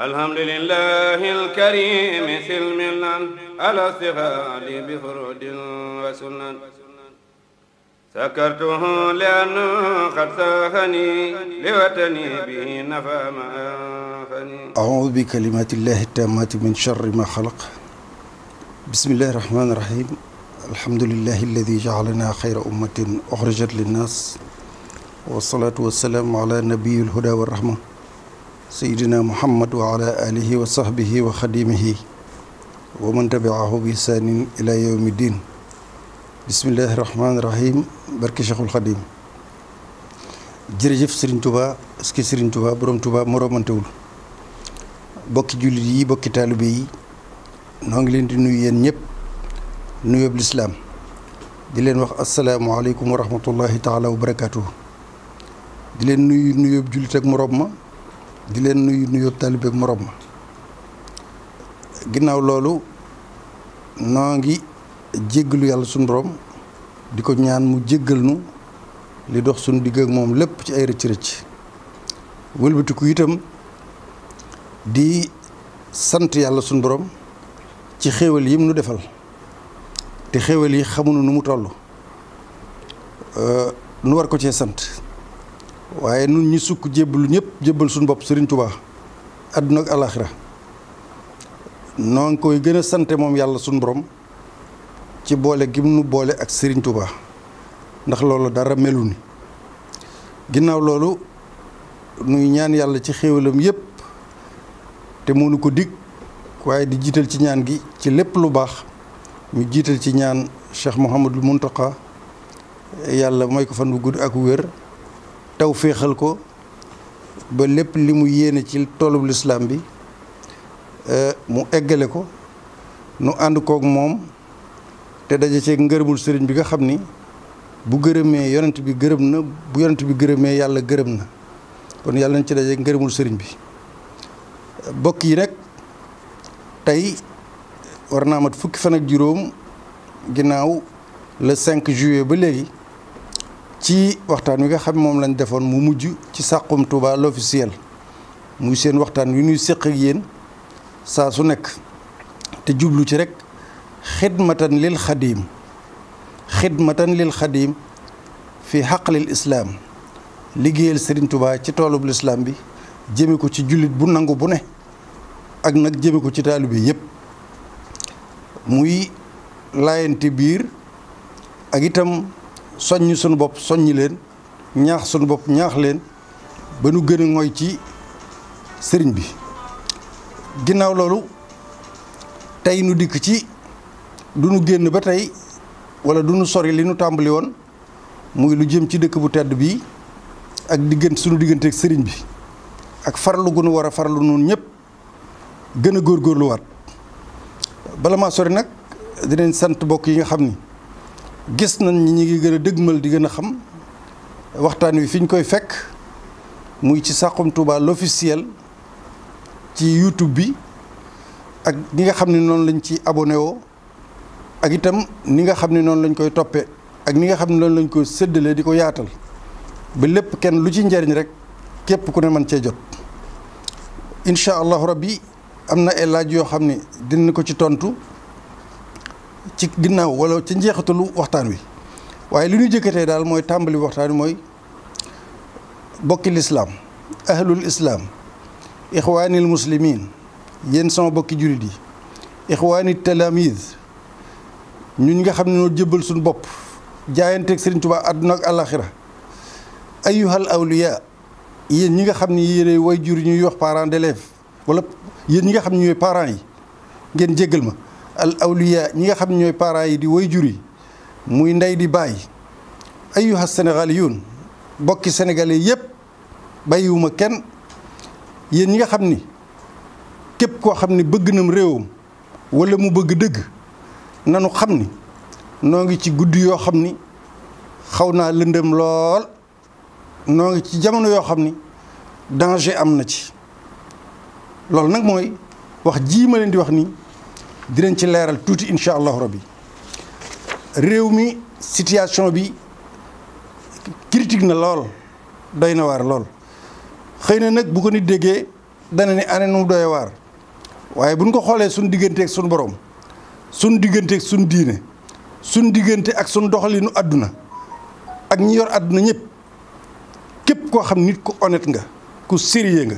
الحمد لله الكريم سلمنا على استفاد بفرد وسنن سكرته لأنه قد ساخني لوطني به نفى ما أنفني أعوذ بكلمات الله التامات من شر ما خلق بسم الله الرحمن الرحيم الحمد لله الذي جعلنا خير أمة أخرجت للناس والصلاة والسلام على نبي الهدى والرحمة sayidina muhammad wa ala alihi wa sahbihi wa xadimihi wa man tabiahu bi ihsaanin ila yowmi din bismillahi rahmaani rahim barki cheikhul xadim jërëjëf sëriñ tuba est-ce que sëriñ tuba boroom tuba moromantewul bokki jullit yi bokki taalibe yi noo ngi leen di nuyu yéen ñëpp nuyoob lislaam di leen wax asalaamualeykum wa rahmatullahi taala wa barakaatuhu di leen nuyu nuyu jullit ak morom ma di leen nuyu nuyoo talibe morom ma ginnaaw loolu noo ngi jéggalu yàlla suñu borom di ko ñaan mu jéggal nu li dox suñu digg ak moom lépp ci ay rëcc rëcc wëlbatiku itam di sant yàlla suñu borom ci xéewal yim nu defal te xéewal yi xamunu nu mu toll euh, nu war ko cee sant waaye nun ñu sukk jébbalu ñëpp jébbal suñu bopp Serigne Touba àdduna ak alaxira noo ngi koy gën sante moom yàlla suñu borom ci boole gi nu boole ak sëriñ Touba ndax loolu dara melu ni ginnaaw loolu nuy ñaan yàlla ci xéewalam yépp te mënu ko dikk waaye di jiital ci ñaan gi ci lépp lu baax ñu jiital ci ñaan Cheikh Mouhamadul Mountakha yàlla may ko fan bu gudd ak wér taw féexal ko ba lépp li mu yéene ci toolub lislaam bi euh, mu eggale ko nu ànd kook moom te daje cee ngërëmul sëriñ bi nga xam ni bu gërëmee yonent bi gërëm na bu bi gërëmee yàlla gërëm na kon yàlla nañ ci daje ngërëmul sëriñ bi bokk yi nag tey war naa mat fukki fan juróom ginnaaw le 5 juillet ba léegi ci waxtaan wi nga xam moom lañ defoon mu mujj ci Saxum Touba l'officiel muy seen waxtaan wi ñuy séq ak yéen saa su nekk te jublu ci rek xidmatan lil xadiim xidmatan lil xadiim fi xaqlil islaam liggéeyal Serigne tubaa ci toolub lislaam bi jëme ko ci jullit bu nangu bu ne ak nag jëme ko ci taalibe yépp muy laayante biir ak itam soññ suñu bopp soññi leen ñaax suñu bopp ñaax leen ba nu gën a ci sëriñ bi ginnaaw loolu tey nu dikk ci du nu génn ba tey wala du nu sori li nu tàmbali woon muy lu jëm ci dëkk bu tedd bii ak diggante sunu digganteek sëriñ bi ak farlu gu nu war a farlu noonu ñëpp gën a góorgóorluwaat bala maa sori nag dinañ sant bokk yi nga xam ni gis nañ ñi ñu ngi gën a dëgmal di gën a xam waxtaan wi fi ñu koy fekk muy ci Saxum Touba l'officiel ci YouTube bi ak ñi nga xam ne noonu lañ ci abonné woo ak itam ni nga xam ne noonu lañ koy toppee ak ni nga xam ne noonu lañ koy séddalee di ko yaatal ba lépp kenn lu ci njariñ rek képp ku ne mën cee jot incha allahu rabbi am na ay laaj yoo xam ne dinañ ko ci tontu. ci ginnaaw wala ci njeexatalu waxtaan wi waaye li ñu jëkkatee daal mooy tàmbali waxtaan wi mooy bokki lislaam ahlul islaam ixwaanil muslimin yéen sama bokki jurit yi ixwaani talaamid ñu nga xam ne noo jëbbal suñu bopp jaayanteeg Sëriñ Tuubaa àdduna ak àlaxira ayyuhal awliya yéen ñi nga xam ni yéenay way jur ñuy wax parent d'élèves wala yéen ñi nga xam ne ñooy parents yi ngeen jéggal ma al awliya ñi nga xam ne ñooy parent yi di way jur muy ndey di bàyyi ayyuha sénégaliyun bokki sénégalais yépp bàyyiwuma kenn yéen ñi nga xam ni képp koo xam ni bëgg nam réewam wala mu bëgg dëgg nanu xam ni noo ngi ci guddi yoo xam ni xaw naa lëndam lool noo ngi ci jamono yoo xam ni danger am na ci loolu nag mooy wax jii ma leen di wax nii dinañ ci leeral tuuti incha allahu rabbi réew mi situation bi critique na lool doy na waar lool xëy na nag bu ko nit déggee dana ne ane nu mu doy waar waaye bu ñu ko xoolee suñ digganteeg suñ borom suñ digganteeg suñ diine suñ diggante ak suñu doxalinu àdduna ak ñi yor àdduna ñëpp képp koo xam nit ku honnête nga ku sérieux nga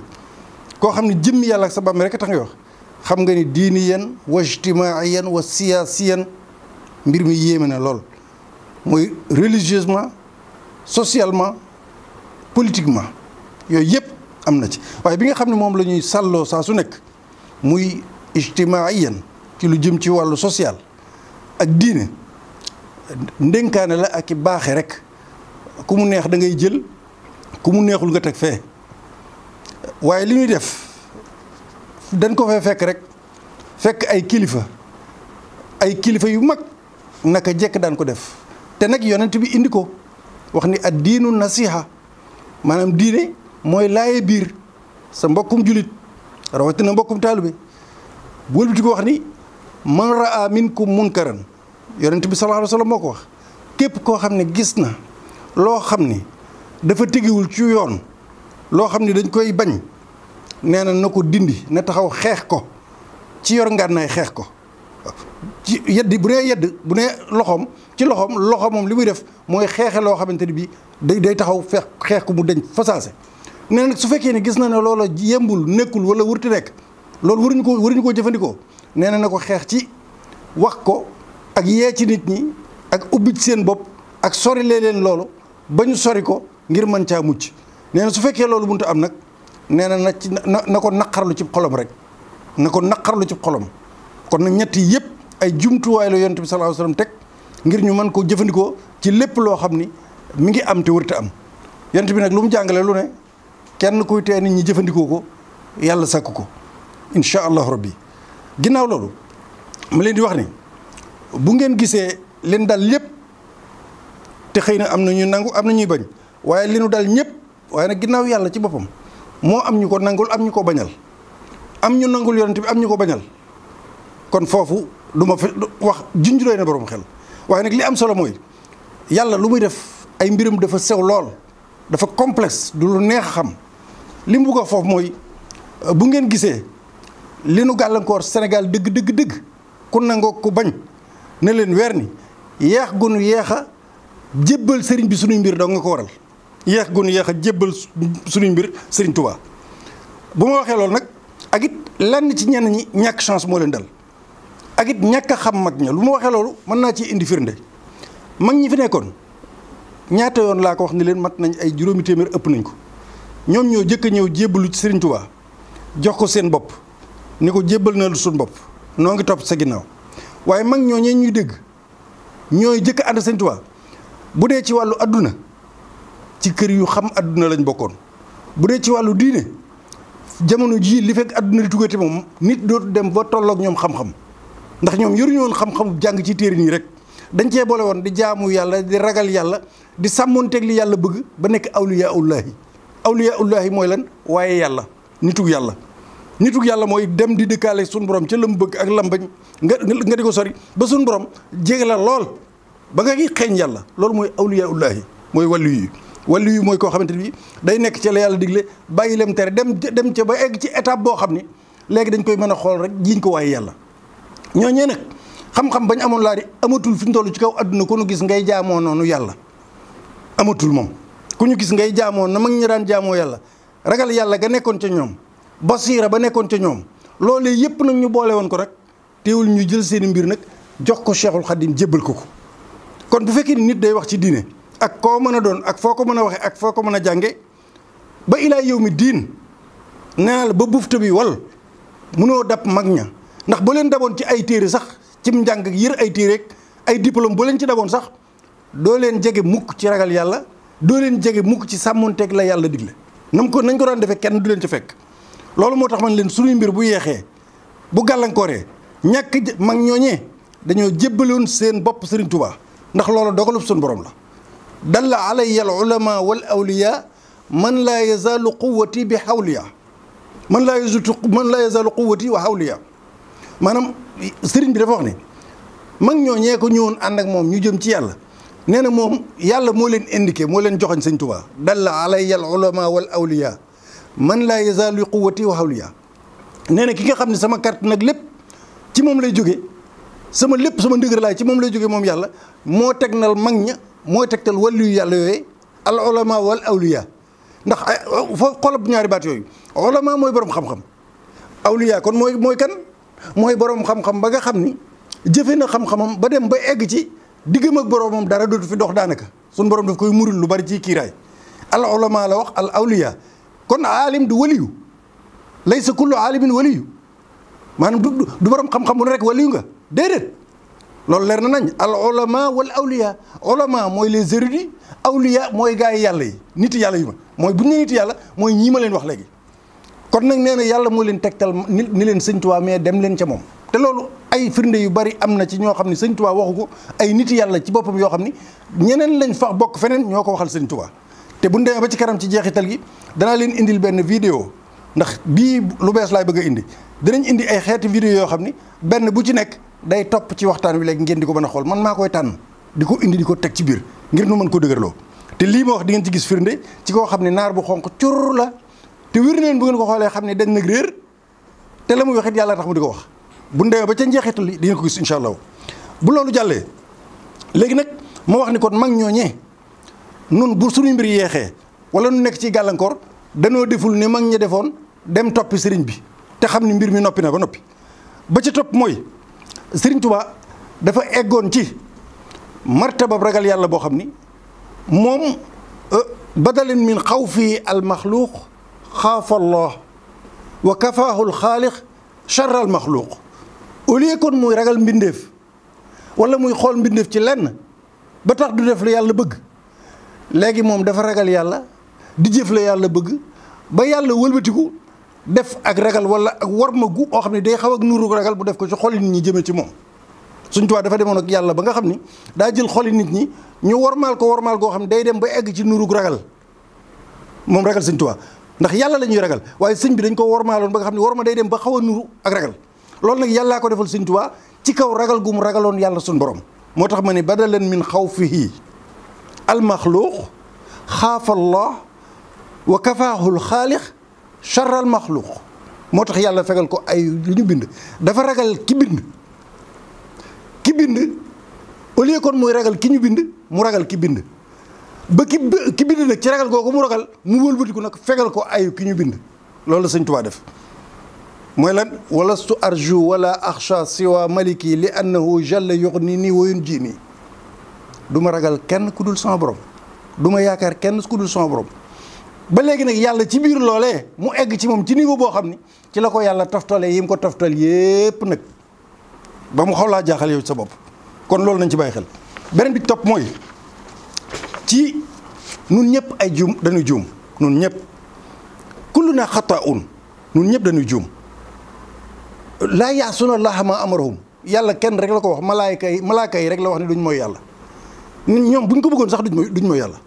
koo xam ne jëmm yàlla ak sa bàmm rek a tax nga wax xam nga ni diiniyan wa yenn wa siyaasiyan mbir mi yéeme na lool mooy religieusement socialement politiquement yooyu yëpp am na ci waaye bi nga xam ne moom la ñuy sàlloo saa su nekk muy ijtimaiyan ci lu jëm ci wàllu sociale ak diine ndénkaane la ak i baaxe rek ku mu neex da ngay jël ku mu neexul nga teg fee waaye li ñuy def dañ ko fay fekk rek fekk ay kilifa ay kilifa yu mag naka jekk daan ko def te nag yonent bi indi ko wax ni ad diinu nasiha maanaam diine mooy laaye biir sa mbokkum julit rawatina mbokkum taalibe wëlbati di ko wax ni man raa minkum munkaran yonent bi sallallahu alayhi wa sallam moo ko wax képp koo xam ne gis na loo xam ni dafa tegiwul ci yoon loo xam ni dañ koy bañ nee na na ko dindi na taxaw xeex ko ci yor ngànnaay xeex ko ci yeddi bu nee yedd bu nee loxoom ci loxoom loxo moom li muy def mooy xeexe loo xamante ni bii day day taxaw feex xeex ko mu deñ fasaase nee nag su fekkee ne gis na ne loola yembul nekkul wala wërti nekk loolu waruñu ko waruñu koo jëfandikoo nee na na ko xeex ci wax ko ak yee ci nit ñi ak ubbi seen bopp ak sori leen loolu ba ñu sori ko ngir mën caa mucc nee su fekkee loolu mënut am nag nee na na ci na ko naqarlu ci xolom rek na ko naqarlu ci xolom kon nag ñett yëpp ay jumtuwaay la yonent bi sallallahu alayhi wasallam teg ngir ñu mën koo jëfandikoo ci lépp loo xam ni mi ngi am te am yonent bi nag lu jàngalee lu ne kenn kuy tee nit ñi jëfandikoo ko yàlla sàkk ko incha allahu rabbi ginnaaw loolu mu leen di wax ni bu ngeen gisee leen dal lépp te xëy na am na ñuy nangu am na ñuy bañ waaye li nu dal ñëpp waaye nag ginnaaw yàlla ci boppam moo am ñu ko nangul am ñu ko bañal am ñu nangul yonent bi am ñu ko bañal kon foofu du ma fa wax junjuree na borom xel waaye nag li am solo mooy yàlla lu muy def ay mbiram dafa sew lool dafa complex du lu neex a xam li mu bëgg foofu mooy euh, bu ngeen gisee li nu gàllankoor Sénégal dëgg dëgg dëgg ku nangoo ku bañ ne leen weer ni yeex gu nu yeex a jébbal sëriñ bi suñuy mbir doo nga ko waral. yéex gun yéex a jébbal suñu mbir Serigne Touba bu ma waxee loolu nag ak it lenn ci ñenn ñi ñàkk chance moo leen dal ak it ñàkk xam mag ña lu ma waxee loolu mën naa ci indi firnde mag ñi fi nekkoon ñaata yoon laa ko wax ni leen mat nañ ay juróomi téeméer ëpp nañ ko ñoom ñoo jëkk a ñëw jébbalu ci Serigne jox ko seen bopp ni ko jébbal na lu bopp noo ngi topp sa ginnaaw waaye mag ñoo ñuy dégg ñooy jëkk ànd Serigne Touba bu dee ci wàllu àdduna ci kër yu xam àdduna lañ bokkoon bu dee ci wàllu diine jamono jii li fekk àdduna di tuggati moom nit dootu dem ba tolloog ñoom xam-xam ndax ñoom yoruñu woon xam-xam jàng ci téere nii rek dañ cee boole woon di jaamu yàlla di ragal yàlla di sàmmoonteeg li yàlla bëgg ba nekk awliyaa ullaahi awliyaa ullaahi mooy lan waaye yàlla nitug yàlla nitug yàlla mooy dem di dëkkaale suñu borom ca lam bëgg ak lam bañ nga nga di ko sori ba suñu borom jege la lool ba nga ngi yàlla loolu mooy awliyaa ullaahi mooy wàllu wala yu mooy koo xamante ni day nekk ca la yàlla digle bàyyi lem tere dem dem ca ba egg ci étape boo xam ni léegi dañ koy mën a xool rek jiñ ko waaye yàlla ñooñee nag xam-xam bañ amoon laa di amatul fi ñu toll ci kaw adduna ku nu gis ngay jaamoo noonu yàlla amatul moom ku ñu gis ngay jaamoo na mag ñi daan jaamoo yàlla ragal yàlla ga nekkoon ca ñoom basiira ba nekkoon ca ñoom loolu yëpp nag ñu boole woon ko rek teewul ñu jël seen mbir nag jox ko cheikhul xadim jébbal ko ko kon bu fekkee nit day wax ci diine ak koo mën a doon ak foo ko mën a waxee ak foo ko mën a jànge ba ilaa yow mi diin nee la ba bufta bi wal mënoo dab mag ña ndax boo leen daboon ci ay téere sax cim njàng yër ay téere ay diplôme boo leen ci daboon sax doo leen jege mukk ci ragal yàlla doo leen jege mukk ci sàmmonteeg la yàlla digle nam ko nañ ko daan defee kenn du leen ci fekk loolu moo tax man leen suñuy mbir bu yeexee bu gàllankooree ñàkk mag ñooñee dañoo jébbaloon seen bopp Serigne Touba ndax loolu dogalub suñu boroom la dalla alayya al ulama wal awliya man laa yazaalu quwati bi xawliya man laa yazutu man laa yazaalu quwati wa xawliya maanaam sëriñ bi dafa wax ne mag ñooñee ko ñëwoon ànd ak moom ñu jëm ci yàlla nee na moom yàlla moo leen indiqué moo leen joxoñ sëñ Tuubaa dalla alayya al ulama man laa yazaalu quwati wa xawliya nee na ki nga xam ne sama carte nag lépp ci moom lay jóge sama lépp sama ndëgër laay ci moom lay jóge moom yàlla moo teg nal mag ña mooy tegtal waliyu yàlla yooyu al ulama wal awliya ndax foo xoolal ñaari baat yooyu ulama mooy boroom xam-xam awliya kon mooy mooy kan mooy borom xam-xam ba nga xam ni jëfe na xam-xamam ba dem ba egg ci diggam ak boromam dara dootu fi dox daanaka suñu borom daf koy murul lu bari ci kiiraay al ulama la wax al awliya kon aalim du waliyu laysa kullu aalimin waliyu maanaam du borom xam-xam bu ne rek waliyu nga déedéet. loolu leer na nañ al ulama wal awliya ulama mooy les érudits awliya mooy gars yi yàlla yi nit yàlla yi ma mooy bu ñu nee yàlla mooy ñii ma leen wax léegi kon nag nee yàlla moo leen tegtal ni leen sëñ Tuubaa mais dem leen ca moom te loolu ay firnde yu bari am na ci ñoo xam ne sëñ Tuubaa waxu ko ay nit yàlla ci boppam yoo xam ni ñeneen lañ fa bokk feneen ñoo ko waxal sëñ Tuubaa te bu ñu demee ba ci kanam ci jeexital gi danaa leen indil benn vidéo ndax bii lu bees laay bëgg a indi dinañ indi ay xeeti vidéo yoo xam ni benn bu ci nekk day topp ci waxtaan wi léegi ngeen di ko mën a xol man maa koy tànn di ko indi di ko teg ci biir ngir nu mën ko dëgërloo te lii ma wax di ngeen ci gis firnde ci koo xam ne naar bu xonq cur la te wér neen bu ngeen ko xoolee xam ne dañ nag réer te la muy wax yàlla tax mu di ko wax bu ndewee ba ca njeexital li di ngeen ko gis incha allah bu loolu jàllee léegi nag moo wax ni kon mag ñooñee nun bu suñu mbir yeexee wala nu nekk ci gàllankoor danoo deful ni mag ñi defoon dem toppi sëriñ bi te xam ni mbir mi noppi na ba noppi ba ci topp mooy Serigne Touba dafa eggoon ci martabab ragal yàlla boo xam ni moom euh, badalin min xaw fii xaafa allah wa kafaahu alxaalix charra almaxluuq au lieu kon muy ragal mbindeef walla muy xool mbindeef ci lenn ba tax du def la yàlla bëgg léegi moom dafa ragal yàlla di jëf la yàlla bëgg ba yàlla wëlbatiku def ak ragal wala war ma gu oo xam ne day xaw ak nuuru ragal bu def ko ci xoli nit ñi jëmee ci moom suñ tubaab dafa demoon ak yàlla ba nga xam ni daa jël xoli nit ñi ñu warmaal ko warmaal goo xam ne day dem ba egg ci nuuru ragal moom ragal suñ tubaab ndax yàlla la ñuy ragal waaye sëñ bi dañ ko warmaaloon ba nga xam ne war ma day dem ba xaw a nuuru ak ragal loolu nag yàllaa ko defal suñ tubaab ci kaw ragal gu mu ragaloon yàlla suñ borom moo tax ma ne badalan min xawfihi almaxluuq xaafa allah wa kafaahu alxaalix charral maxluuq moo tax yàlla fegal ko ay li ñu bind dafa ragal ki bind ki bind au lieu kon mooy ragal ki ñu bind mu ragal ki bind ba ki ki bind nag ci ragal googu mu ragal mu wëlbatiku nag fegal ko ayu ki ñu bind loolu la sëñ def mooy lan walastu arju wala axsha siwa maliki li annahu jalla yuxni nii wa jii nii du ragal kenn ku dul sama borom du ma yaakaar kenn ku dul sama borom ba léegi nag yàlla ci biir loole mu egg ci moom ci niveau boo xam ni ci la ko yàlla toftalee yi mu ko toftal yépp nag ba mu xaw laa jaaxal yow sa bopp kon loolu nañ ci bàyyi xel beneen bi topp mooy ci nun ñëpp ay juum dañu juum nun ñëpp kullu naa xataun nun ñëpp dañu juum laa yaasuna allaha ma amarahum yàlla kenn rek la ko wax malaayka yi malaayka yi rek la wax ne duñ mooy yàlla ñoom buñ ko bëggoon sax duñ mooy duñ mooy yàlla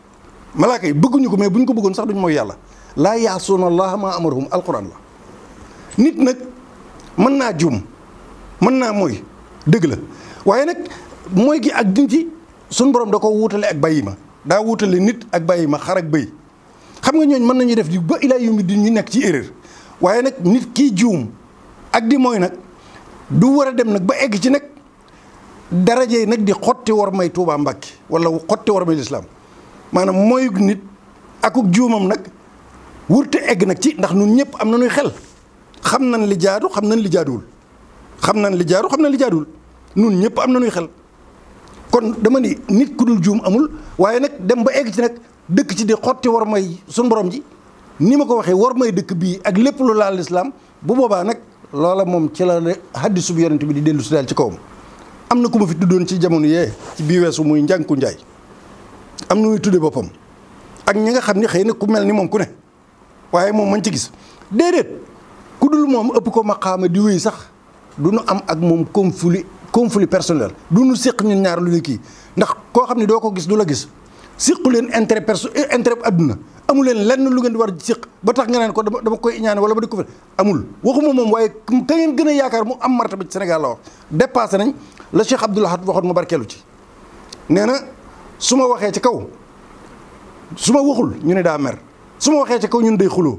malaaka yi bëgguñu ko mais bu ñu ko bëggoon sax duñ mooy yàlla laa yaasuuna allaha maa amarahum alquran la nit nag mën naa juum mën naa mooy dëgg la waaye nag mooy gi ak dinci suñ borom da ko wuutale ak bàyyi ma daa wuutale nit ak bàyyi ma xar ak xam nga ñooñ mën nañu def di ba ilaa yumi di ñu nekk ci erreur waaye nag nit kii juum ak di mooy nag du war a dem nag ba egg ci nag daraje nag di xotti war may Tuubaa Mbàkke wala xotti war may lislaam maanaam mooy nit akuk juumam nag wurte egg nag ci ndax nun ñëpp am na nuy xel xam nañ li jaadu xam nañ li jaaduwul xam nañ li jaadu xam nañ li jaaduwul nun ñëpp am na nuy xel kon dama ni nit ku dul juum amul waaye nag dem ba egg ci nag dëkk ci di xotti war may suñ borom ji ni ma ko waxee war may dëkk bii ak lépp lu laal lislaam bu boobaa nag loola moom ci la hadisu bi yonent bi di dellu si daal ci kawam am na ku ma fi doon ci jamono yee ci bii weesu muy njànku njaay am na muy tuddee boppam ak ñi nga xam ne xëy na ku mel ni moom ku ne waaye moom mañ ci gis déedéet ku dul moom ëpp ko maqaama di wéy sax du nu am ak moom conflit conflit personnel du nu séq ñun ñaar lu ñu kii ndax koo xam ne doo ko gis du la gis séqu leen intérêt perso eh, intérêt adduna amu leen lenn lu ngeen di war séq ba tax nga naan ko dama koy ñaan wala ba di ko fa amul waxuma moom waaye ka ngeen gën a yaakaar mu am martaba ci Sénégal la wax dépassé nañ la Cheikh Abdoul Ahad waxoon mu barkeelu ci nee na su ma waxee ci kaw su ma waxul ñu ne daa mer su ma waxee ci kaw ñun day xuloo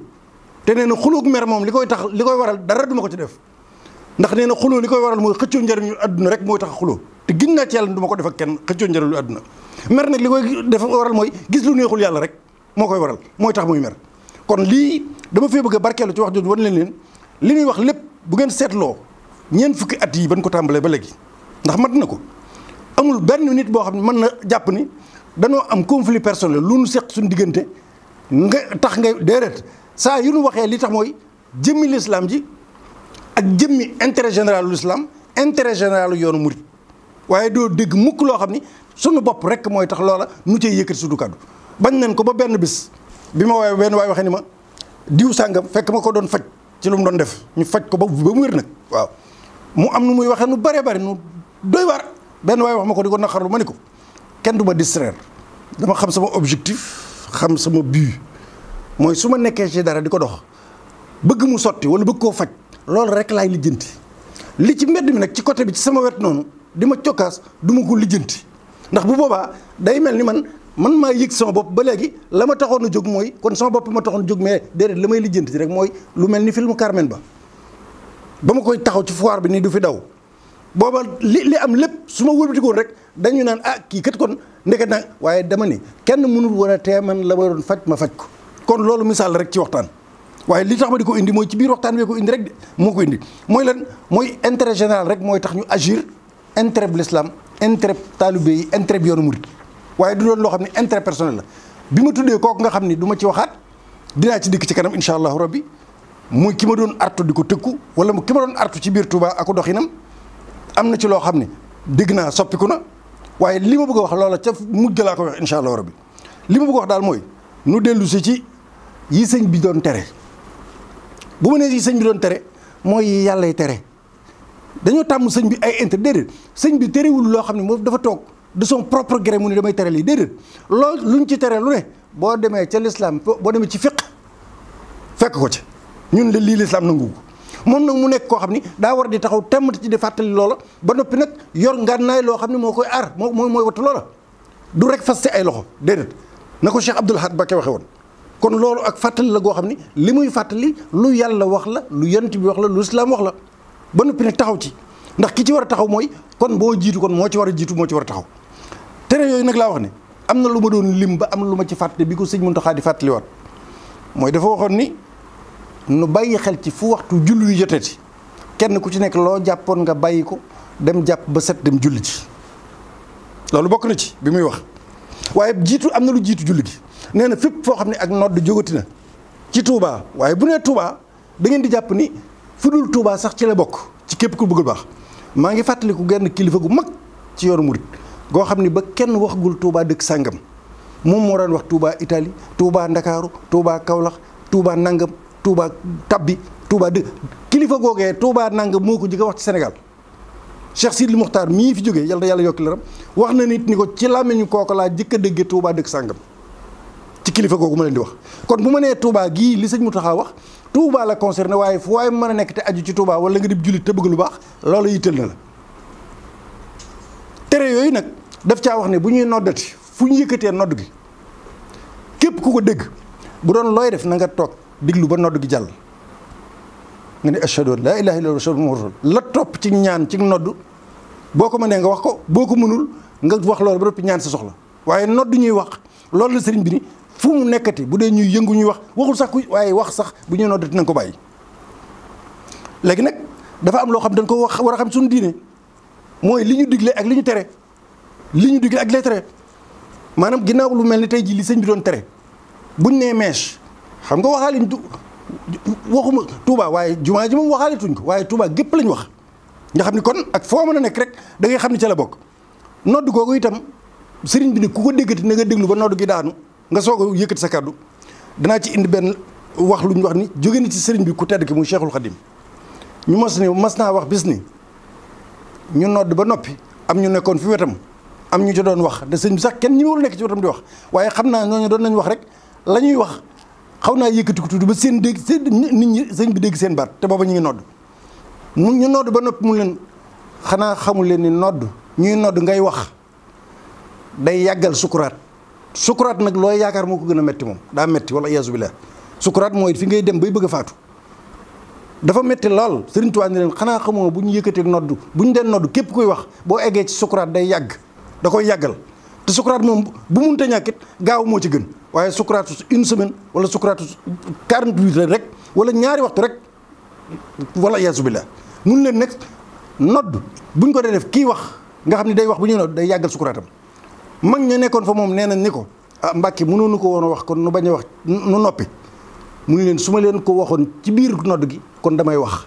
te nee na xuloog mer moom li koy tax li koy waral dara duma ko ci def ndax nee na xuloo li koy waral mooy xëccoo njëriñu àdduna rek mooy tax xuloo te gis naa ci yàlla ko def kenn xëccoo njëriñu àdduna mer nag li koy def waral mooy gis lu neexul yàlla rek moo koy waral mooy tax muy mer kon lii dama fee bëgg a barkeelu ci wax jooju wan leen leen li muy wax lépp bu ngeen seetloo ñeent fukki at yi bañ ko tàmbalee ba léegi ndax mat na ko amul benn nit boo xam ne mën na jàpp ni danoo am conflit personnel lu nu seq suñu diggante nga tax nga déedéet saa yu nu waxee li tax mooy jëmmi lislaam ji ak jëmmi intérêt général lu islam intérêt général yoonu murit waaye doo dégg mukk loo xam ni sunu bopp rek mooy tax loola nu cay yëkkati suñu kaddu bañ nañ ko ba benn bis bi ma waaye benn waaye waxee ni ma diw sàngam fekk ma ko doon faj ci lu mu doon def ñu faj ko ba ba mu wér nag waaw mu am nu muy waxee nu bare bare nu doy waar benn waaye wax ma ko di ko naqarlu ma ni ko kenn du ma distraire dama xam sama objectif xam sama but mooy su ma nekkee ci dara di ko dox bëgg mu sotti wala bëgg koo faj loolu rek laay lijjanti li ci mbedd mi nag ci côté bi ci sama wet noonu di ma cokkaas duma ma ko lijjanti ndax bu boobaa day mel ni man man maa yëg sama bopp ba léegi la ma taxoon a jóg mooy kon sama bopp ma taxoon a jóg mais déedéet la may lijjanti rek mooy lu mel ni film Carmen ba ba ma koy taxaw ci foire bi nii du fi daw booba li li am lépp su ma wëlbatikoon rek dañu naan ah kii kat kon ndeket nag waaye dema ni kenn mënul woon a tee man la ma faj ma faj ko kon loolu misaal rek ci waxtaan waaye li tax ma di ko indi mooy ci biir waxtaan wee ko indi moo ko indi mooy lan mooy intérêt général rek mooy tax ñu agir intérêt bu l'islam intérêt taalibe yi intérêt bi yoonu murid waaye du doon loo xam ne intérêt personnel la bi ma tuddee kooku nga xam ni duma ci waxaat dinaa ci dikk ci kanam incha allahu rabbi muy ki ma doon artu di ko tëkku wala mu ki ma doon artu ci biir Touba ak doxinam am na ci loo xam ne dégg naa soppiku na waaye li ma bëgg a wax loola ca mujj laa ko wax incha allah rabbi li ma bëgg a wax daal mooy nu dellu si ci yi sëñ bi doon tere bu ma nee yi sëñ bi doon tere mooy yi yàllay tere dañoo tàmm sëñ bi ay intérêt déedéet sëñ bi terewul loo xam ne moom dafa toog de son propre gré mu ne damay tere lii déedéet loolu luñ ci tere lu ne boo demee ca lislaam boo demee ci fiq fekk ko ci ñun de lii lislaam nangu ko moom nag mu nekk koo xam ni daa war di taxaw temm ci di fàttali loola ba noppi nag yor ngannaay loo xam ne moo koy aar moo mooy mooy wattu loola du rek fas ci ay loxo déedéet na ko Cheikh Abdoul Ahad Mbacké waxe woon kon loolu ak fàttali la goo xam ni li muy fàttali lu yàlla wax la lu yonent bi wax la lu islaam wax la ba noppi nag taxaw ci ndax ki ci war a taxaw mooy kon boo jiitu kon moo ci war a jiitu moo ci war a taxaw tere yooyu nag laa wax ne am na lu ma doon lim ba am lu ma ci fàtte bi ko sëñ Muntaxa di fàttaliwaat mooy dafa waxoon ni nu bàyyi xel ci fu waxtu julli yu jotati kenn ku ci nekk loo jàppoon nga bàyyi ko dem jàpp ba set dem julli ji loolu bokk na ci bi muy wax waaye jiitu am na lu jiitu julli gi nee na fépp foo xam ne ak nodd jógati na ci Touba waaye bu nee tuubaa dangeen di jàpp ni fu dul Touba sax ci la bokk ci képp ku bëgg bëggul baax maa ngi fàttaliku genn kilifa gu mag ci yoonu murit goo xam ni ba kenn waxagul tuubaa dëkk sàngam moom moo daan wax tuubaa Italie Touba Ndakaaru Touba Kaolack Touba Nangam. Touba tabbi Touba dë kilifa googee Touba nang moo ko jëkk wax ci Sénégal Cheikh Sidil Muxtaar mii fi jóge yal na yàlla yokk leeram wax na nit ni ko ci làmmiñu kooku laa jëkk a dégge Touba dëkk sàngam ci kilifa googu ma leen di wax kon bu ma nee Touba gii li sëñ Mountakha wax Touba la concerné waaye foo waaye mën a nekk te aju ci Touba wala nga dib jullit te bëgg lu baax loolu yitteel na la tere yooyu nag daf caa wax ne bu ñuy noddati fu ñu yëkkatee nodd gi képp ku ko dégg bu doon looy def na toog diglu ba nodd gi jàll nga ne ashhadu an laa ilaaha illallaah muhammadur la topp ci ñaan ci nodd boo ko mënee nga wax ko boo ko mënul nga wax loolu ba noppi ñaan sa soxla waaye nodd ñuy wax loolu la sëriñ bi ni fu mu nekkati bu dee ñuy yëngu ñuy wax waxul sax ku waaye wax sax bu ñuy noddati na nga ko bàyyi léegi nag dafa am loo xam dañ ko wax war a xam suñu diine mooy li ñu digle ak li ñu tere li ñu digle ak li tere maanaam ginnaaw lu mel ni tey jii li sëñ bi doon tere buñ nee mèche xam nga waxaaliñ du waxuma Touba waaye jumaa ji moom waxaalituñ ko waaye Touba gépp lañ wax nga xam ni kon ak foo mën a nekk rek da xam ni ca la bokk nodd googu itam sëriñ bi ne ku ko déggati na nga déglu ba nodd gi daanu nga soog a yëkkati sa kàddu danaa ci indi benn wax lu ñu wax ni jóge na ci sëriñ bi ku tedd ki mu Cheikhul Khadim ñu mos ni mas naa wax bis ni ñu nodd ba noppi am ñu nekkoon fi wetam am ñu ci doon wax de sëriñ bi sax kenn ñi warul nekk ci wetam di wax waaye xam naa ñooñu doon nañ wax rek la ñuy wax xaw naa yëkkati ko tuuti ba seen dégg seen nit ñi sëñ bi dégg seen baat te booba ñu ngi nodd mu ñu nodd ba noppi mu leen xanaa xamul leen ni nodd ñuy nodd ngay wax day yàggal sukuraat sukuraat nag looy yaakaar moo ko gën a metti moom daa metti wala iyaasu billaah sukuraat mooy fi ngay dem bay bëgg a faatu dafa metti lool sëriñ Tuubaa ni leen xanaa xamoo bu ñu yëkkatee nodd bu ñu dee nodd képp koy wax boo eggee ci sukuraat day yàgg da koy yàggal te sukuraat moom bu munta ñàkkit gaaw moo ci gën waaye sukuraatu une semaine wala sukuraatu 48 heures rek wala ñaari waxtu rek wala yaasu billah mun leen nekk nodd buñ ko dee def kiy wax nga xam ne day wax bu ñu nodd day yàggal sukuraatam mag ña nekkoon fa moom nee nañ ni ko ah mbàkki mënoonu ko woon wax kon nu bañ a wax nu noppi mu ne leen su ma leen ko waxoon ci biir nodd gi kon damay wax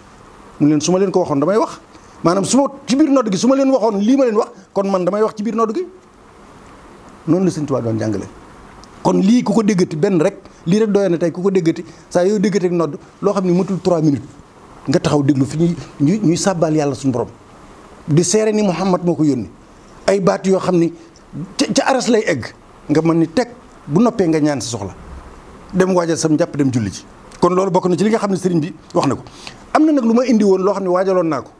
mu ne leen su ma leen ko waxoon damay wax maanaam su ci biir nodd gi su ma leen waxoon lii ma leen wax kon man damay wax ci biir nodd gi noonu la Sëñ Tuubaa doon jàngale kon lii ku ko déggati benn rek lii rek doyoon na tey ku ko déggati saa yoo déggati ak nodd loo xam ne matul 3 minutes nga taxaw déglu fi ñuy ñuy sàbbaal yàlla suñu borom di seere ni Muhammad moo ko yónni ay baat yoo xam ni ca aras lay egg nga mën ni teg bu noppee nga ñaan si soxla dem waajal sam njàpp dem julli ji kon loolu bokk na ci li nga xam ne sëriñ bi wax na ko am na nag lu ma indi woon loo xam ne waajaloon naa ko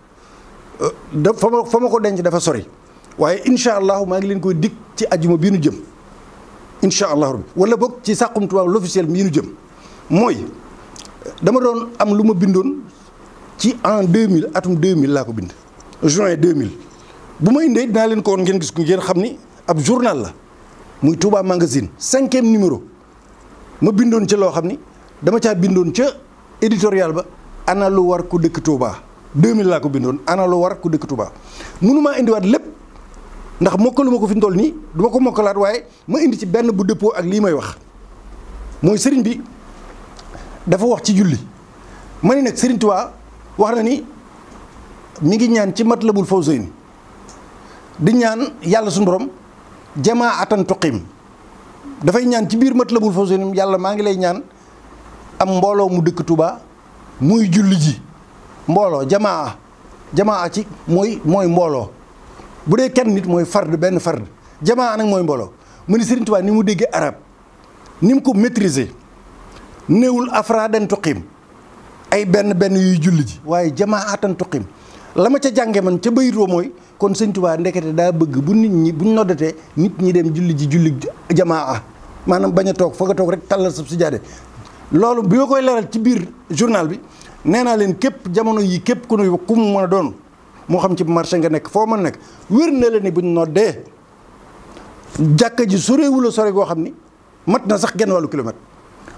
euh, da fa ma fa ma ko denc dafa sori waaye incha allahu maa ngi leen koy dikk ci ajuma bii nu jëm incha allahu rabbi wala boog ci Saxum Touba l'officiel bii nu jëm mooy dama doon am lu ma bindoon ci en mille atum 2000 laa ko bind juin 2000 bu may indee dinaa leen ko ngeen gis ko ngeen xam ni ab journal la muy Touba magazine cinquième numéro ma bindoon ca loo xam ni dama caa bindoon ca éditorial ba ana lu war ku dëkk Touba 2000 laa ko bindoon ana lu war ku dëkk Touba mënumaa indiwaat lépp ndax mokkaluma ko fi mu toll nii du ko mokkalaat waaye ma indi ci benn bu dëppoo ak lii may wax mooy sëriñ bi dafa wax ci julli ma ni nag sëriñ Tuubaa wax na ni mu ngi ñaan ci mat Matlabul Fawzayni di ñaan yàlla su borom jamaa atan tuqim dafay ñaan ci biir mat Matlabul Fawzayni yàlla maa ngi lay ñaan am mbooloo mu dëkk tubaa muy julli ji mbooloo jamaa jamaa ci mooy mooy mbooloo. bu dee kenn nit mooy fard benn fard jamaa nag mooy mbooloo mu ni Sëriñ Tuubaa ni mu déggee arab ni mu ko maîtriser néewul afraadan tuqim ay benn benn yuy julli ji waaye jamaa atan tuqim la ma ca jànge man ca bayitoo mooy kon Sëriñ Tuubaa ndekete daa bëgg bu nit ñi buñ noddatee nit ñi dem julli ji julli jamaa maanaam bañ a toog foog a toog rek tallal sab si jaade loolu bi ma koy leeral ci biir journal bi nee naa leen képp jamono yi képp ku ne ku mu a doon moo xam ci marché nga nekk foo man nekk wér na la ni buñ noddee jàkka ji soreewula sore goo xam ni mat na sax genn wàllu kilomètre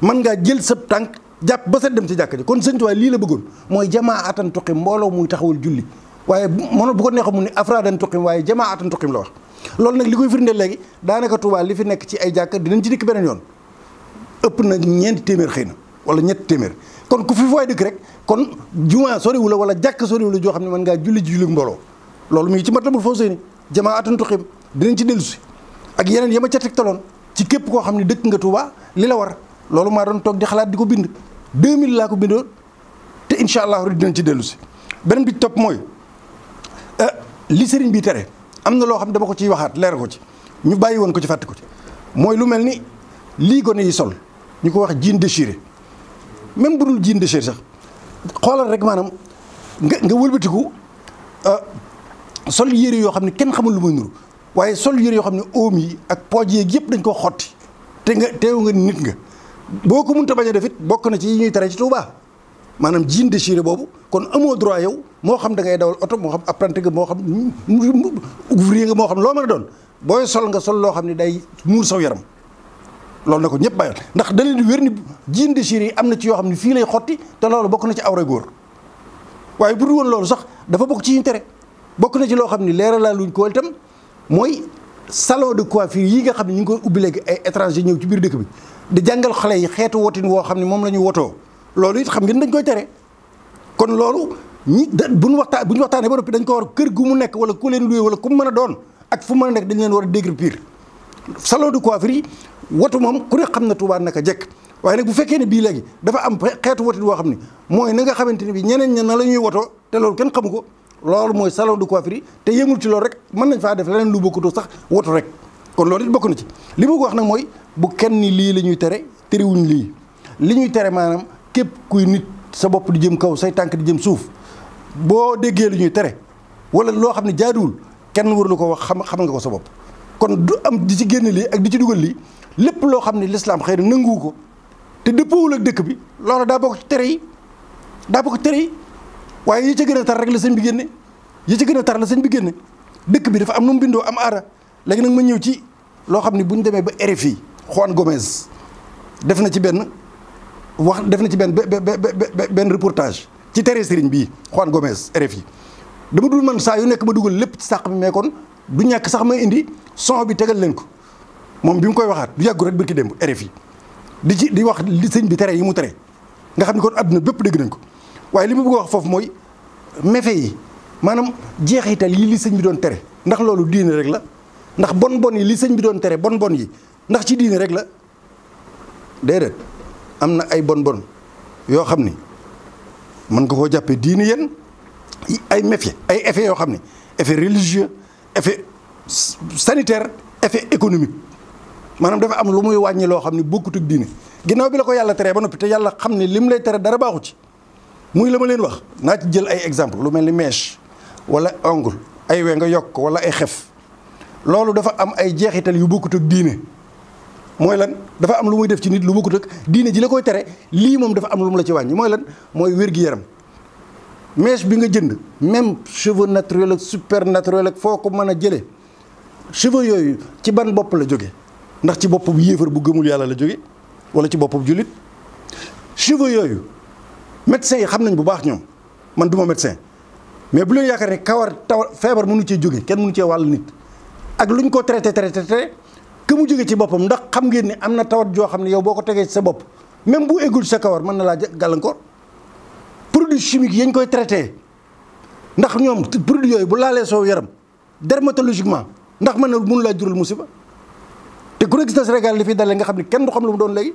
mën ngaa jël sa tànk jàpp ba set dem ci jàkka ji kon sëñ Tuubaa lii la bëggoon mooy jamaa atan tuqim mbooloo muy taxawal julli waaye mono bu ko neexoon mu ne afraadan tuqim waaye jamaa atan tuqim la wax loolu nag li koy firndeel léegi daanaka Tuubaa li fi nekk ci ay jàkka dinañ ci dikk beneen yoon ëpp na ñeenti téeméer xëy na wala ñetti téeméer kon ku fi fooy dëkk rek kon jumaa soriwu wula wala jàkk soriwu la joo xam ne mën ngaa julli ji julli mbooloo loolu mu ngi ci matlabul foo sey ni jamaatun tuxim dinañ ci dellu si ak yeneen yama ca tegtaloon ci képp koo xam ne dëkk nga Tuubaa li la war loolu maa doon toog di di ko bind 2000 laa ko bindoo te incha allah rek dinañ ci dellu si beneen bi topp mooy euh, li sëriñ bi tere am na loo xam dama ko ciy waxaat leer ko ci ñu bàyyi woon ko ci fàtte ko ci mooy lu mel ni lii gone yi sol ñu ko wax jean déchiré même bu dul jean de chair sax xoolal rek maanaam nga nga wëlbatiku euh, sol yére yoo xam ne kenn xamul lu muy nuru waaye sol yére yoo xam ne oom yi ak pooj yeeg yëpp dañ koo xotti te nga teew nga nit nga boo ko mënta bañ a defit bokk na ci yi ñuy tere ci Touba maanaam jean déchiré boobu kon amoo droit yow moo xam da ngay dawal oto moo xam apprenti nga moo xam ouvrier nga moo xam loo mën a doon booy sol nga sol loo xam ne day muur saw yaram loolu na ko ñëpp bàyyoon ndax da leen di wér ni jean déchiré yi am na ci yoo xam ne fii lay xotti te loolu bokk na ci awra góor waaye bu dul woon loolu sax dafa bokk ci intérêt bokk na ci loo xam ne leeralal luñ ko itam mooy salon de coiffure yi nga xam ne ñu ngi koy ubbi léegi ay étranger ñëw ci biir dëkk bi di jàngal xale yi xeetu wotin woo xam ne moom la ñu wotoo loolu it xam ngeen dañ koy tere kon loolu ñi da bu ñu waxtaan bu ñu waxtaanee ba noppi dañ ko war kër gu mu nekk wala ku leen luy wala ku mën a doon ak fu nekk dañ leen war a dégri pire salon de coiffure yi watu moom ku ne xam na Touba naka jekk waaye nag bu fekkee ne bii léegi dafa am xeetu watit boo xam ne mooy nanga nga ne bi ñeneen ña na la ñuy woto te loolu kenn xamu ko loolu mooy salon de coiffure te yëmul ci loolu rek mën nañ faa def leneen lu bokkutoo sax woto rek loolu it bokk na ci li ma ko wax nag mooy bu kenn ni lii la ñuy tere terewuñ lii li ñuy tere maanaam képp kuy nit sa bopp di jëm kaw say tànk di jëm suuf boo déggee li ñuy tere wala loo xam ne jaaduwul kenn warlu ko wax xam xam nga ko sa bopp kon du am di ci génn lii ak di ci lii lépp loo xam ne lislaam xëy na nanguwu ko te dëppoowul la dëkk bi loola daa bokk tere yi daa bokk tere yi waaye yi ca gën a tar rek la sëñ bi génne yi ca gën a tar la sëñ bi génne dëkk bi dafa am nu mu bindoo am aada léegi nag ma ñëw ci loo xam ni bu ñu demee ba RFI Juan Gomez def na ci benn wax def na ci benn benn reportage ci tere sëriñ bii Juan Gomez RFI dama dul man saa yu nekk ma dugal lépp ci sàq bi mais kon du ñàkk sax ma indi son bi tegal leen ko moom bi mu koy waxaat du yàggu rek bërki démb RFI di ci di wax li sëñ bi tere yi mu tere nga xam ni kon adduna bépp dégg nañ ko waaye li mu bëgg a wax foofu mooy méfe yi maanaam jeexital yi li sëñ bi doon tere ndax loolu diine rek la ndax bon bon yi li sëñ bi doon tere bon bon yi ndax ci diine rek la déedéet am na ay bon bon yoo xam ni mën nga koo jàppee diine yen ay méfie ay effet yoo xam ni effet religieux effet sanitaire effet économique maanaam dafa am lu muy wàññi loo xam ne bokkutug diine ginnaaw bi la ko yàlla teree ba noppi te yàlla xam ne lim lay tere dara baaxu ci muy la ma leen wax naa ci jël ay exemple lu mel ni mèche wala ongle ay we nga yokk wala ay xef loolu dafa am ay jeexital yu bokkutug diine mooy lan dafa am lu muy def ci nit lu bokkut diine ji la koy tere lii moom dafa am lu mu la ci wàññi mooy lan mooy wér-gi-yaram mèche bi nga jënd même cheveux naturel ak super foo ko mën a jëlee cheveux yooyu ci ban bopp la jóge ndax ci boppam yéefar bu gëmul yàlla la jóge wala ci boppam jullit cheveux yooyu médecins yi xam nañ bu baax ñoom man du ma médecin mais bu leen yaakaar ne kawar taw feebar mënu cee jóge kenn mënu cee wàll nit ak ñu ko traité traité traité que mu jóge ci boppam ndax xam ngeen ne am na tawat joo xam ne yow boo ko tegee ci sa bopp même bu eggul sa kawar mën na laa gàllankoor produit chimique yañ koy traité ndax ñoom produit yooyu bu laalee soo yaram dermatologiquement ndax mën na mun laa jural musiba ku li fi dalee nga xam ne kenn du xam lu mu doon léegi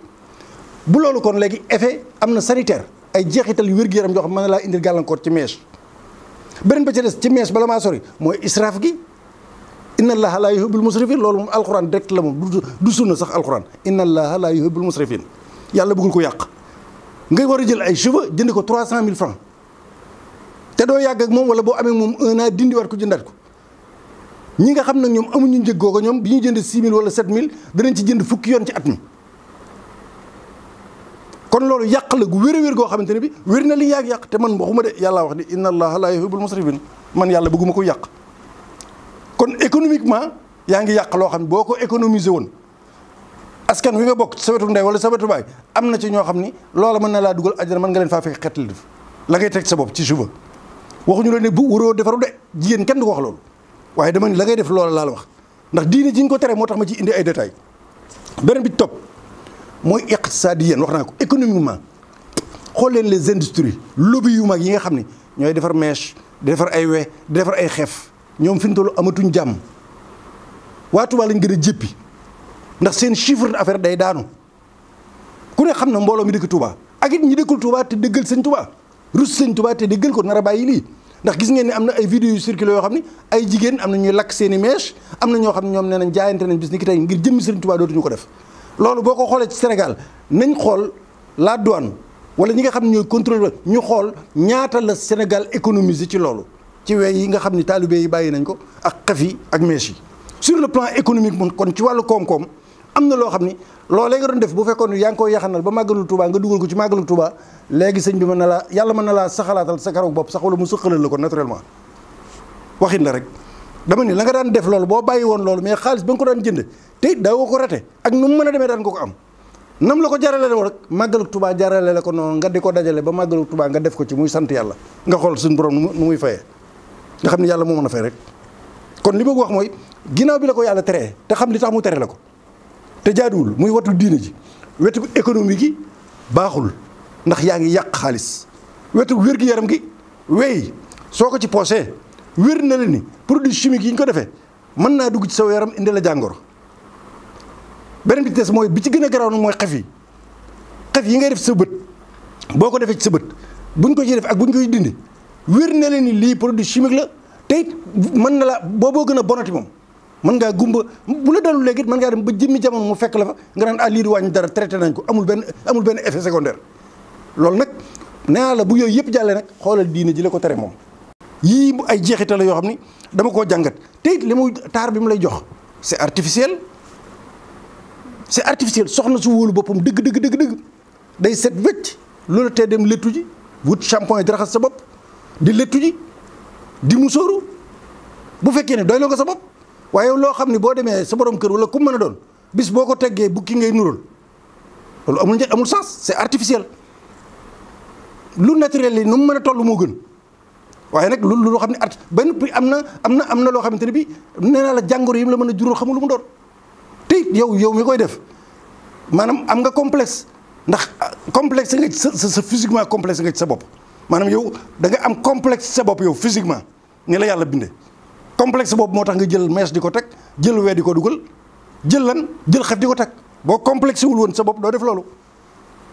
bu loolu kon léegi effet am na sanitaire ay jeexital yu wér-gu-yaram yoo xam mën na laa indi gàllankoor ci mèche beneen ba ci des ci mèche bala maa sori mooy israaf gi inna allaha laa yuhibbul musrifin loolu moom alxuraan direct la moom du sunna sax alxuraan inna allaha laa yuhibbul musrifin yàlla bëggul ko yàq ngay war a jël ay cheveux jënd ko mille francs te doo yàgg ak moom wala boo amee moom un dindi war ko jëndaat ko ñi nga xam nag ñoom amuñu njëg googu ñoom bi ñuy jënd 6000 wala 7000 danañ ci jënd fukki yoon ci at mi kon loolu yàq la gu wér a wér goo xamante ne bi wér na li yàgg yàq te man waxuma de yàlla wax ni inna allaha la yuhibbul musrifin man yàlla ko yàq kon économiquement yaa ngi yàq loo xam ne boo ko économiser woon askan wi nga bokk sa wetu ndey wala sa wetu baay am na ci ñoo xam ni loola mën na laa dugal àjjana mën nga leen faa fekk xeet la def la ngay teg sa bopp ci suba waxuñu la ne bu waroo defaru de jigéen du wax loolu waaye dama ni la ngay def loola laal wax ndax diine ji ko tere moo tax ma ci indi ay détails beneen bi topp mooy iqtisaadiyan wax naa ko économiquement xool leen les industries lobby yu mag yi nga xam ni ñooy defar mèche di defar ay we di defar ay xef ñoom fi ñu amatuñ jàmm waa Tuubaa lañ gën a jéppi ndax seen chiffre affaire day daanu ku ne xam na mbooloo mi dëkk Tuubaa ak it ñi dëkkul Tuubaa te dëggal sëñ Tuubaa rus sëñ Tuubaa te dëggal ko nar a bàyyi lii ndax gis ngeen ne am na ay vidéo yu circulé yoo xam ne ay jigéen am na ñuy lakk seeni i mèche am na ñoo xam ne ñoom ne nañ jaayante nañ bis ni ki tey ngir jëmmi Sëriñ Tuubaa dootuñu ko def loolu boo ko xoolee ci Sénégal nañ xool la douane wala ñi nga xam ne ñooy contrôle ñu xool ñaata la Sénégal économiser ci loolu ci wey yi nga xam ne taalibe yi bàyyi nañ ko ak xef yi ak mèche yi sur le plan économique moom kon ci wàllu koom-koom am na loo xam ni loolee nga doon def bu fekkoon yaa ngi koy yaxanal ba màggalul Touba nga dugal ko ci màggalul Touba léegi sëñ bi mën na laa mën na laa sa karaw bopp sax wala mu sëqalal la ko naturellement waxin la rek dama ni la nga daan def loolu boo bàyyi woon loolu mais xaalis ba nga ko daan jënd te it daawoo ak nu mu mën a demee daan ko ko am nam la ko jarale woon rek màggaluk Touba jarale la ko noonu nga di ko dajale ba màggaluk Touba nga def ko ci muy sant yàlla nga xool suñ borom nu muy fayee nga xam ni yàlla moo mën a fay rek kon li bëgg wax mooy ginnaaw bi la ko yàlla teree te xam li tax mu tere la ko te jaaduwul muy watu diine ji wetu économie gi baaxul ndax yaa ngi yàq xaalis wetu wér-gi-yaram gi wey soo ko ci poosee wér na la ni produit chimique yi ñu ko defee mën naa dugg ci saw yaram indi la jàngoro beneen bi des mooy bi ci gën a garaaw nag mooy xef yi xef yi ngay def sa bët boo ko defee ci sa bët buñ ko ci def ak buñ koy dindi wér na la ni lii produit chimique la tey it mën na la booboo gën a bonati moom mën ngaa gumba bu la dalu léegi mën ngaa dem ba jëmmi jamono mu fekk la fa nga naan ah lii di wàññi dara traité nañ ko amul benn amul benn effet secondaire loolu nag nee la bu yooyu yëpp jàllee nag xoolal diine ji la ko tere moom yii ay jeexital la yoo xam ni dama koo jàngat te li muy taar bi mu lay jox c'est artificiel c'est artificiel soxna su wóolu boppam dëgg dëgg dëgg day set wecc loolu tee dem léttu ji wut shampoing di raxas sa bopp di léttu ji di musóoru bu fekkee ne doy loo sa bopp waaye loo xam ne boo demee sa borom kër wala ku mën a doon bis boo ko teggee bukki ngay nural loolu amul një amul sens c'est artificiel lu naturel li nu mu mën a toll moo gën waaye nag lu loo xam ne art benn prix am na am na am na loo xamante ne bii nee la jàngoro yi mu la mën a jural xamul lu mu doon te yow yow mi koy def maanaam am nga complexe ndax ah, complexe nga sa sa physiquement complexe nga ci sa bopp maanaam yow danga am complexe sa bopp yow physiquement ni la yàlla bindee. complexe boobu moo tax nga jël mees di ko teg jël wee di ko dugal jël lan jël xef di ko teg boo complexe wul woon sa bopp doo def loolu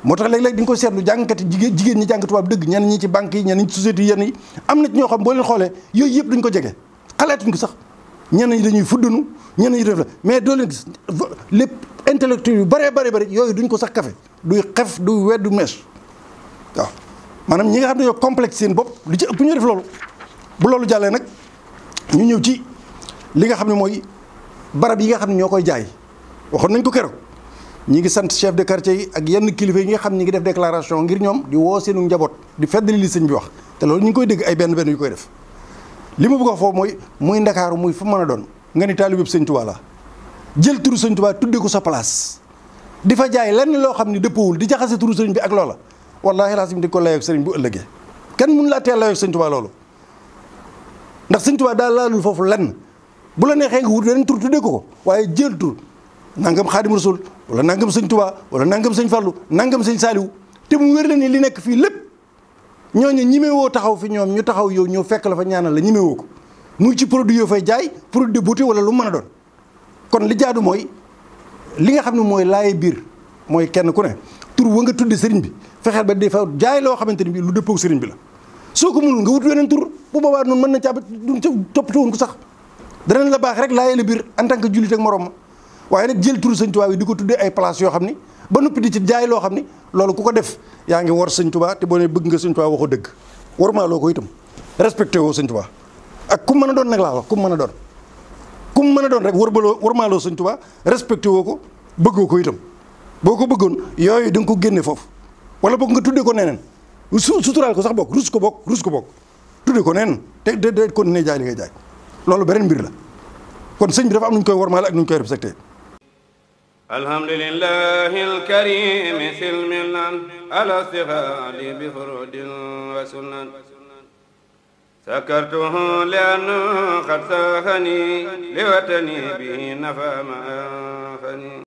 moo tax léeg-léeg di nga ko seetlu jàngkati jigéen jigéen ñi jàng tubaab dëgg ñenn ñi ci banque yi ñenn ñi ci na ñoo xam boo leen xoolee yooyu yëpp duñ ko jege xalaatuñ ko sax ñenn ñi dañuy fuddanu ñenn ñi la mais doo leen gis lépp intellectuel yu bëree bëri bëri yooyu duñ ko sax kafe duy xef du wedd du mees waaw maanaam ñi nga xam ne yoo complexe seen bopp lu ci ëpp ñu def loolu bu loolu jàllee nag ñu ñëw ci li nga xam ne mooy barab yi nga xam ne ñoo koy jaay waxoon nañ ko keroog ñi ngi sant chef de quartier yi ak yenn kilifa yi nga xam ñi ngi def déclaration ngir ñoom di woo seenu njaboot di feddali li sëñ bi wax te loolu ñu ngi koy dégg ay benn benn yu koy def li ma bëgg a wax foofu mooy muy ndakaaru muy fu mën a doon nga ni taalibe sëñ Tuubaa la jël turu sëñ Tuubaa tudde ko sa place di fa jaay lenn loo xam ne dëppawul di jaxase turu sëriñ bi ak loola wallaahi laasim di ko layoog sëriñ bu ëllëgee kenn mun laa teel layoog sëñ ndax Sëñ Tuubaa daal laalul foofu lenn bu la neexee nga wut beneen tur tuddee ko ko waaye jël tur nangam Xaadim Rasul wala nangam Sëñ Tuubaa wala nangam Sëñ Fallu nangam Sëñ Saaliw te mu wér la ni li nekk fii lépp ñooñu ñimewoo taxaw fi ñoom ñu taxaw yow ñëw fekk la fa ñaana la ñimewoo ko muy ci produit yoo fay jaay produit de beauté wala lu mën a doon kon li jaadu mooy li nga xam ne mooy laaye biir mooy kenn ku ne tur wa nga tudde sëriñ bi fexeel ba defa jaay loo xamante ni bi lu dëppoog sëriñ bi la soo ko mënul nga wut weneen tur bu boobaa noonu mën na caa duñ toppatoo woon ko sax dana la baax rek laa la biir en tant que jullit ak morom waaye nag jël turu sëñ Tuubaa yi di ko tuddee ay place yoo xam ni ba noppi di ci jaay loo xam ni loolu ku ko def yaa ngi war sëñ Tuubaa te boo nee bëgg nga sëñ Tuubaa waxoo dëgg war maa ko itam respecté woo sëñ Tuubaa ak ku mën a doon nag laa wax ku mën a doon ku mën a doon rek war baloo war maa loo sëñ Tuubaa woo ko bëggoo ko itam boo ko bëggoon yooyu da nga ko génne foofu wala boog nga tuddee ko neneen su suturaal ko sax bokk rus ko bokk rus ko bokk tudde ko neen te de de continuer jaay li jaay loolu beneen mbir kon sëñ bi dafa am nu ñu koy wormaale ak nu ñu koy respecté alhamdulillahi alkarim silmilan ala sihadi bi furudin wa sunan sakartuhu liannu xad saxani liwatani bi nafa ma fani